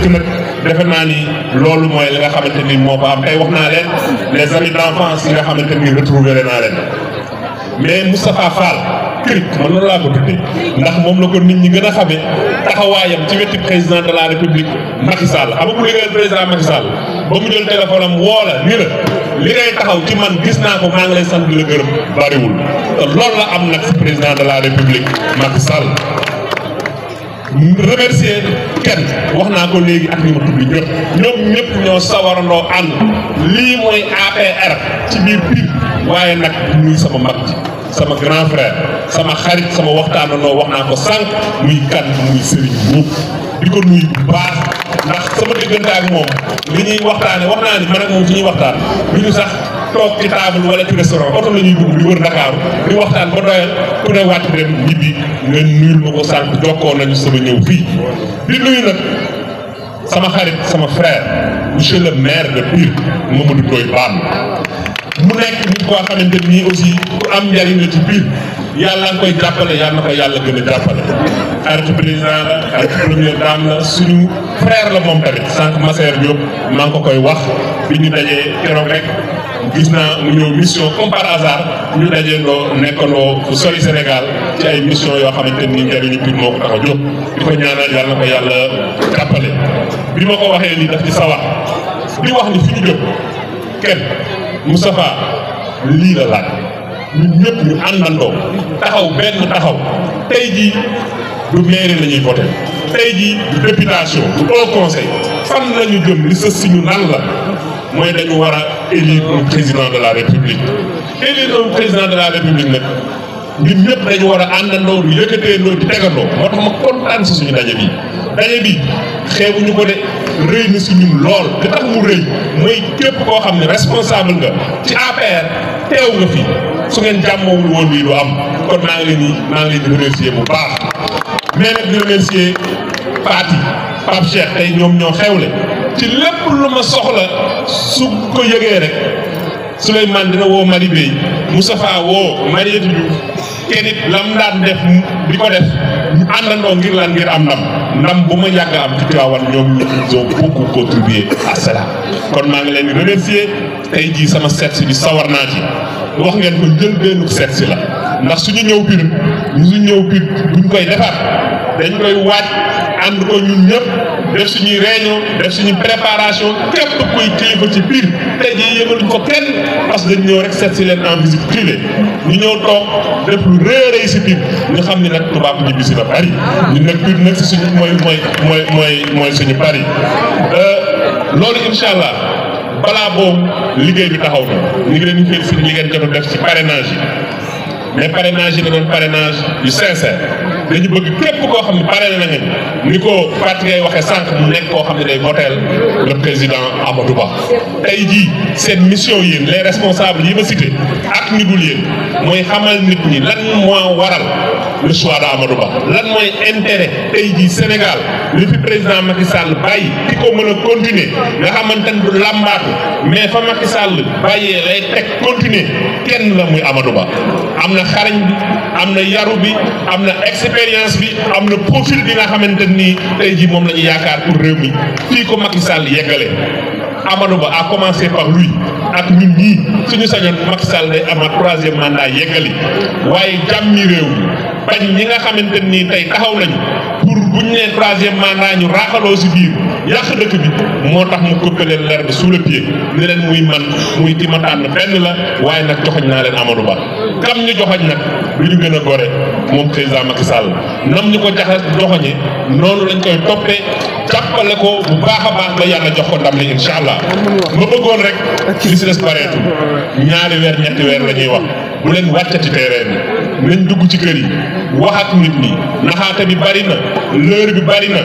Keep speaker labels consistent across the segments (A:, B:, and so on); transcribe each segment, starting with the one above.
A: dëkk defe naa ni loolu mooy li nga xamante ni moo ko am tey wax naa leen les amis d'enfance yi nga xamante ni retrouvé naa leen mais Moustapha Fall kërik man noonu laa ko tuddee ndax moom la ko nit ñi gën a xamee taxawaayam ci wetu président de la république Macky Sall xam nga ku président Macky ba mu jël téléphone am woo la ni la li ngay taxaw ci man gis naa ko maa ngi lay sant di la gërëm bariwul te loolu la am nag si président de la république Macky Sall remercier kenn wax naa ko léegi ak ñu ma tudd ñëpp ñoom ñëpp ñoo sawarandoo ànd lii mooy APR ci biir Pire waaye nag muy sama mag ji sama grand frère sama xarit sama waxtaanandoo wax naa ko sànq muy kan muy Serigne Mboup di ko nuyu bu baax ndax sama diggante ak moom li ñuy waxtaane wax naa ni man ak moom ci ñuy waxtaan lu ñu sax toog ci table wala ci restaurant oto la ñuy dugg di wër Dakar di waxtaan ba doyal ku ne wàcc dem ñibbi nga nuyul ma ko sànq jokkoo nañu sama ñëw fii di nuyu nag sama xarit sama frère monsieur le maire de Pire Mamadou Ndoye Bane mu nekk nit koo xamante nii aussi ku am njariñ la ci Pire yàlla nga koy jàppale yàlla na ko yàlla gën a jàppale xaritu président la xaritu première dame la suñu frère la moom tamit sànq Masseer Diop maa ngi ko koy wax bi gis naa mu ñëw mission comme par hasard ñu dajeendoo nekkandoo fu sori Sénégal ci ay mission yoo xamante ni njëriñu biir moo ko tax a jóg di ko ñaanal yàlla ko yàlla jàppale bi ma ko waxee li daf ci sawar di wax ni fi ñu jóg kenn Moustapha lii la laaj ñun ñëpp ñu àndandoo taxaw benn taxaw tey jii du mairie la ñuy tey jii du députation du haut conseil fan la jëm li sës nan la mooy dañu war a élire un président de la république élire un président de la république nag ñun ñëpp dañu war a àndandoo du yëkkateendoo di tegandoo moo tax ma kontaan si suñu daje bi daje bi xeebuñu ko de rëy na si lool li tax mu rëy mooy képp koo xam ni responsable nga ci APR teew nga fi su ngeen jàmmoowul woon lii du am kon maa ngi leen di maa ngi bu baax mais nag di remercier Fati tey ñoom ñoo xewle ci lépp lu ma soxla su ko yëgee rek Souleymane dina woo Mari Bey Moustapha woo Mariétu Diouf kenit lam daan def di ko def ñu àndandoo ngir lan ngir am ndam ndam bu ma yàgg am ci Tiwaawan ñoom ils ont beaucoup contribué à cela kon maa ngi leen di remercier tey jii sama seet bi sawar naa ci wax ngeen ko jël benn seet la ndax suñu ñëw Pire ñu ñëw Pire buñ koy defar dañ koy waaj ànd ko ñun ñëpp. def suñuy réunion def suñuy préparation képp kuy kilifa ci biir tey jii yëgaluñ ko kenn parce que dañu ñëw rek seet si leen en visite privée ñu ñëw toog def lu rëy a rëy si biir ñu xam ni nag tubaab ñibbi si la bari ñu nag si suñu mooy mooy mooy suñu bari euh, loolu incha allah balaa boobu liggéey bi taxaw na ñu ngi leen li ngeen jot a def ci parrainage yi mais parrainage yi da doon parrainage yu sincère. dañu bëgg képp koo xam ne pare na leen ni ko Patrick waxee sànq mu nekk koo xam ne day voteel le président Amadou Ba. tey ji seen mission yéen les responsables yi ma cité ak ñu dul yéen mooy xamal nit ñi lan moo waral le choix d'Amadou Ba lan mooy intérêt tey jii Sénégal li fi président Macky Sall bàyyi di ko mën a continuer nga xamante ne du làmbaatu mais fa Macky Sall bàyyee lay teg continuer kenn la muy Amadou Ba. am na xarañ bi am na yaru bi am na expérience bi am na profil bi nga xamante nii tey jii moom la ñu yaakaar pour réew mi fii ko Macky Sall yeggale Amadou Ba a commencé par lui ak nit ñi suñu sañoon Macky Sall day amaat troisième mandat yeggali waaye jàmmi réew mi bañ ñi nga xamante nii tey taxaw nañu pour bu ñu nee troisième mandat ñu raaxaloo si biir yàq dëkk bi moo tax mu coupé leen l'herbe sous le pied ne muy man muy ki ma la waaye nag joxoñ naa leen Amadou Ba. kam ñu joxoñ nag lu ñu gën a gore moom président Macky Sall nam ñu ko jaxas joxoñe noonu lañ koy toppee jàppale ko bu baax a baax ba yàlla jox ko ndam li incha allah ma bëggoon rek li si des bareetul ñaari weer ñetti weer la ñuy wax bu leen wàccati terrain bi nañ dugg ci kër yi wax ak nit ñi naxaate bi bari na leer bi bari na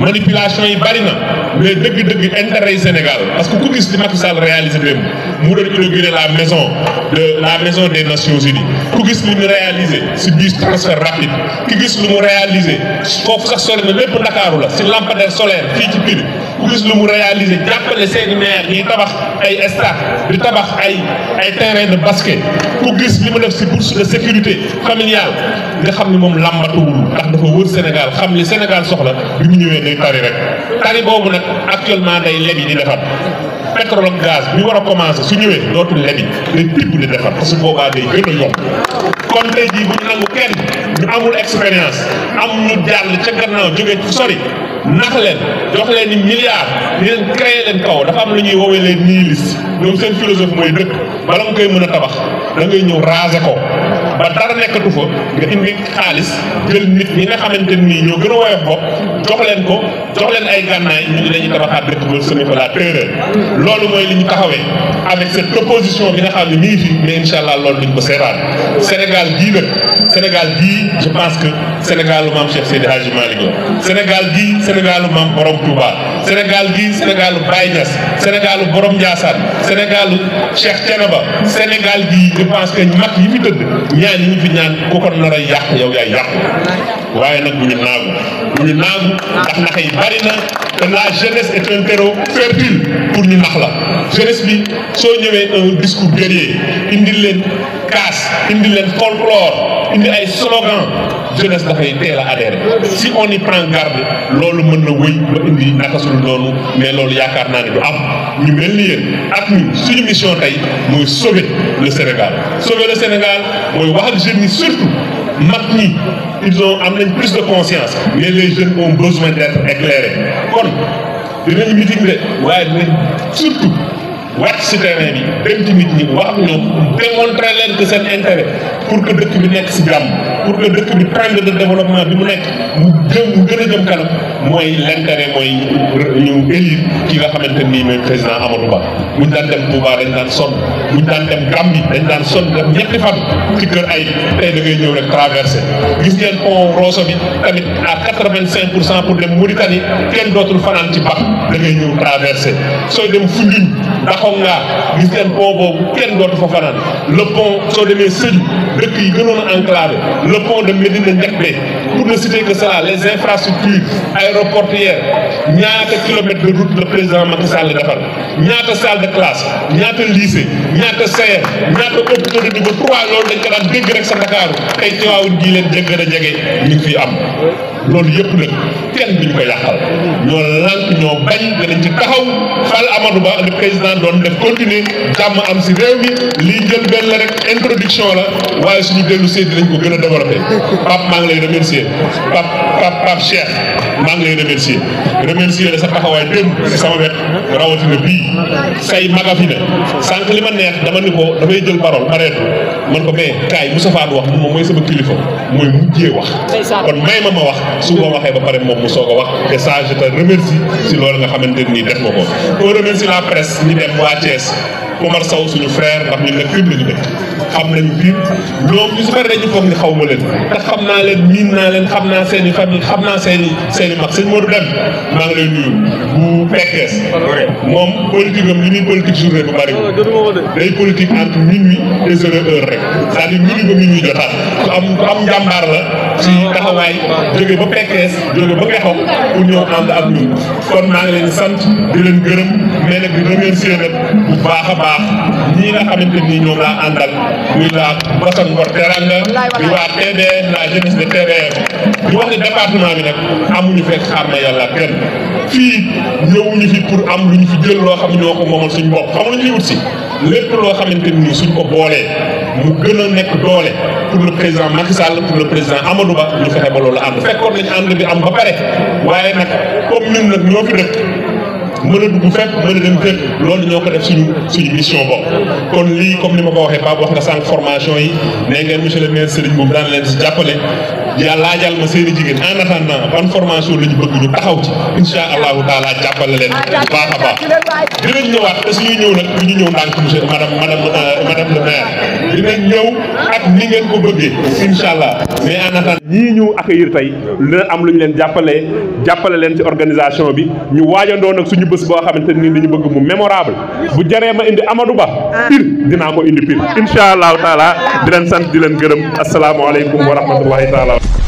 A: manipulation yi bari na mais dëgg-dëgg intérêt yi Sénégal parce que ku gis li Macky Sall réalisé dem mu doon inauguré la maison de la maison des Nations Unies ku gis lu mu réalisé si biir transfert gis lu mu réalisé foofu sax sori na lépp si lampadaire solaire fii ci biir ku gis lu mu réalisé jàppale seeni maire yi tabax ay stade di tabax ay ay terrain de basket ku gis li mu def si bourse de sécurité familiale nga xam ni moom làmbatuwul ndax dafa wër Sénégal xam li Sénégal soxla bi mu ñëwee dañuy tari rek tari boobu nag actuellement day lebi di defar pétrole ak gaz bi war a commencé su ñëwee dootul lebi day tibb di defar parce que boobaa day gën a yomb kon tey jii bu ñu nangu kenn ñu amul expérience am ñu jàll ca gannaaw jóge sori nax leen jox leen ni milliard ni leen créé leen kaw dafa am lu ñuy woowee leen nihilistes ñoom seen philosophe mooy dëkk bala nga koy mën a tabax da ñëw raser ko. ba dara nekkatu fa nga indi xaalis jël nit ñi nga xamante nii ñoo gën a woyof bopp jox leen ko jox leen ay gànnaay ñu ngi dañuy tabaxaat dëkk ba sëñ fa la téeréer loolu mooy li ñu taxawee avec cette opposition bi nga xam ne nii fi mais incha allah loolu duñ ko seetaan Sénégal gii nag Sénégal gii je pense que Sénégal lu maam Cheikh Seydi Hadji Malick la Sénégal gii sénégalu lu maam Borom Touba Sénégal gii sénégalu lu Baye Niass Sénégal Borom Ndiassane Sénégal lu Cheikh Thiénaba Sénégal gii yi fi tëdd ñaan ñu fi ñaan ku ko nar a yàq yow yaay yàq waaye nag bu ñu naagu bu ñu naagu ndax nax yi bari na te la jeunesse est un terreau fertile pour ñu nax la. jeunesse bi soo ñëwee un discours indi leen casse indil leen folklore indi ay slogan jeunesse dafay teel a adhéré si on y prend garde loolu mën na wëy ba indi naka suñu noonu mais loolu yaakaar naa ne du am ñu mel ni yéen ak ñu suñu mission tey mooy sauver le Sénégal sauver le Sénégal mooy wax ak jeunes yi surtout mag ñi ils ont am nañ plus de conscience mais les jeunes ont besoin d'être éclairés kon dinañ meeting de waaye dinañ surtout wàcc si terrain bi dem ci nit ñi wax ñoom démontrer leen que seen intérêt pour que dëkk bi nekk si jàmm. pour que dëkk bi trend de développement bi mu nekk mu jëm mu gën a jëm kanam mooy l'intérêt mooy ñu élire ki nga xamante nii mooy président Amadou Ba buñ daan dem Touba dañ daan sonn buñ daan dem Gambie dañ daan sonn dem ñetti fan ci kër ay tey da ñëw traversé gis ngeen pont Rosso bi tamit à quatre-vingt-cinq pour cent pour dem Mauritanie kenn dootul fanaan ci bax da ngay ñëw traversé sooy dem Foundiougne Daxonga gis ngeen pont boobu kenn dootu fa fanaan le soo demee Sédhiou dëkk yi gënoon a enclavé le pont de Médina Ndiakhate pour ne citer que cela les infrastructures aéroportuaires ñaata kilomètres de route le président Macky Sall defar ñaata salle de classe ñaata lycée ñaata serre ñaata hôpitaux de niveau trois loolu dañ ko daan dégg rek sa Dakar tey Tivaouane gii leen jégg a jege ñu ngi fi am loolu yëpp nag. kenn duñ ko yàqal ñoo lànk ñoo bañ danañ ci taxaw fal Amadou Ba le président doon def continuer jàmm am si réew mi lii jël benn rek introduction la waaye suñu dellu see dinañ ko gën a développé Pape maa ngi lay remercier Pape Pape Pape Cheikh maa ngi lay remercier remercier la sa taxawaay démb si sama wet rawatina bii say maga fi li ma neex dama ni ko dafay jël parole pareetu man ko mais kaay Moussa Fane wax moom mooy sama kilifa mooy mujjee wax kon may soog a wax te ça je te remercie si loolu nga xamante ni def nga ko on remercie la presse ñi def waa Thiès Omar Sow suñu frère ndax ñun mi public bi xam nañ fii ñoom ñu xaw ma leen xam naa leen miin naa leen xam naa seen i xam naa seen seen i mag sëñ Modou Deme maa moom politique li muy politique journée bu oh, bëri day politique rek c'est-à-dire minuit ba ku am ku am jàmbaar la ci oh, taxawaay jóge ba Pekes jóge ba Ngexom pour ñëw ànd ak ñun kon maa leen sant di leen gërëm mais nag di remercier nag bu baax a baax ñii nga xamante ni ñoom laa àndal muy la Boson Ngor Teranga muy waa TDR la jeunesse de TDR ñu wax ne département bi nag amuñu fekk xaar na yàlla kenn fii ñëwuñu fi pour am lu ñu fi jël loo xam ñoo ko moomal suñu bopp xam nga li wut si lépp loo xamante ni suñ ko boolee mu gën a nekk doole pour le président Macky Sall pour le président Amadou Ba ñu fexe ba loolu ànd fekkoon nañu ànd bi am ba pare waaye nag comme ñun nag ñoo fi dëkk. mën a dugg fépp mën a dem fépp loolu ñoo ko def suñu suñu mission bopp kon lii comme ni ma ko waxee Pape wax nga sànq formation yi nee ngeen monsieur le maire Serigne boobu daan leen si jàppale leen baax a baax dinañ ñëwaat te suñuy ñëw ñu ñëw ndànk monsieur madame madame euh, madame le maire dinañ ñëw ak ni ngeen ko bëggee incha allah mais en attendant ñii ñu accueillir tey dina am lu ñu leen jàppale jàppale leen ci organisation bi ñu waajandoo nag suñu bés boo xamante nii ñu bëgg mu mémorable bu jaree ma indi Amadou Ba pire dinaa ko indi pire incha allahu taala di leen sant di leen gërëm asalaamualeykum wa rahmatullahi taala